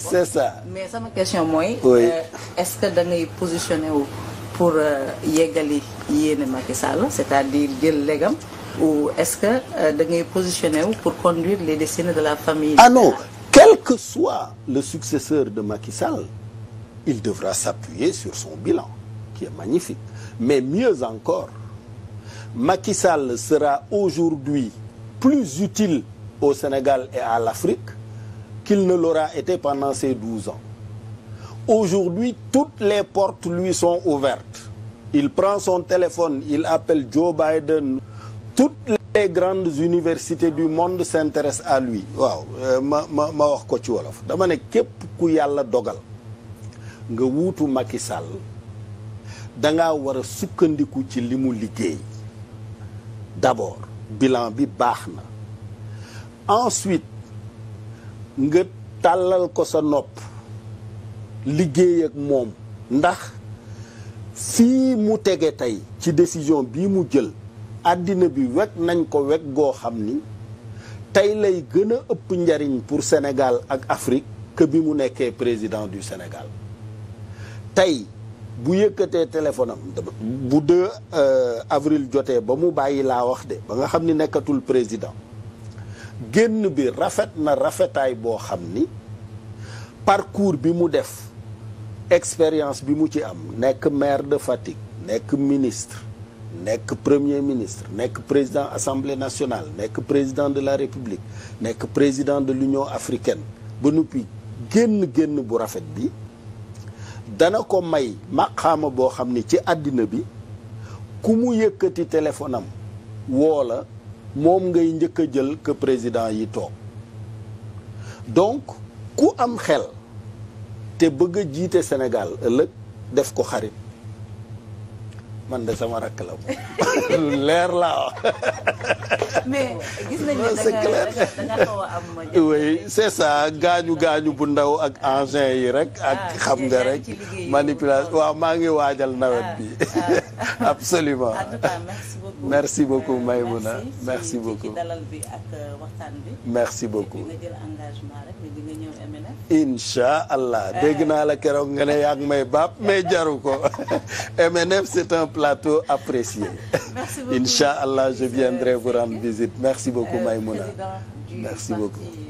c'est ça mais sama question mooy. oui euh, est-ce que da ngay positionné wu pour euh, yeggali yéene Macky Sall c'est-à-dire jël légam ou est-ce que euh, da ngay positionné wu pour conduire les destinées de la famille. ah non quel que soit le successeur de Macky Sall il devra s'appuyer sur son bilan qui est magnifique mais mieux encore Macky Sall sera aujourd'hui plus utile au Sénégal et à l'Afrique qu'il ne l'aura été pendant ces douze ans. Aujourd'hui, toutes les portes lui sont ouvertes. Il prend son téléphone, il appelle Joe Biden. Toutes les grandes universités du monde s'intéressent à lui. waaw euh, ma ma wax ko ci wolof dama ne képp ku yàlla dogal nga wuutu Macky Sall dangaa war a sukkandiku ci limu mu liggéey d'abord bilan bi baax na ensuite nga tàllal ko sa nopp liggéey ak moom ndax fii mu tege tey ci décision bii mu jël àddina bi wekk nañ ko wekk goo xam ni tey lay gën a ëpp njariñ pour Sénégal ak Afrique que bi mu nekkee président du Sénégal tey bu yëkkatee téléphone am bu 2 euh, avril jotee ba mu bàyyi laa wax de ba nga xam ni nekkatul président génn bi rafet na rafetaay boo xam ni parcours bi mu def expérience bi mu ci am nekk maire de Fatick nekk ministre nekk premier ministre nekk président assemblée nationale nekk président de la république nekk président de l'union africaine ba noppi génn génn bu rafet bi dana ko may maqaama boo xam ni ci àddina bi ku mu yëkkati téléphone woo la moom ngay njëkk a jël que président yi toog donc ku am xel te bëgg a jiite Sénégal ëllëg def ko xarit man de sama rakk la moom leer laa mais c'est ça gaañu gaañu bu ndaw ak engin yi rek. Ah, ak xam nga rek manipulation waaw maa ngi waajal nawet ah, bi. Ah. absolument en merci beaucoup. merci beaucoup euh, Maïmouna merci beaucoup. dalal bi ak euh, allah euh. dégg naa la keroog nga ne yaa ngi may baab mais jaru ko MNF c'est un plateau apprécié. merci allah je viendrai vous rendre. visite merci beaucoup euh, Maïmouna merci beaucoup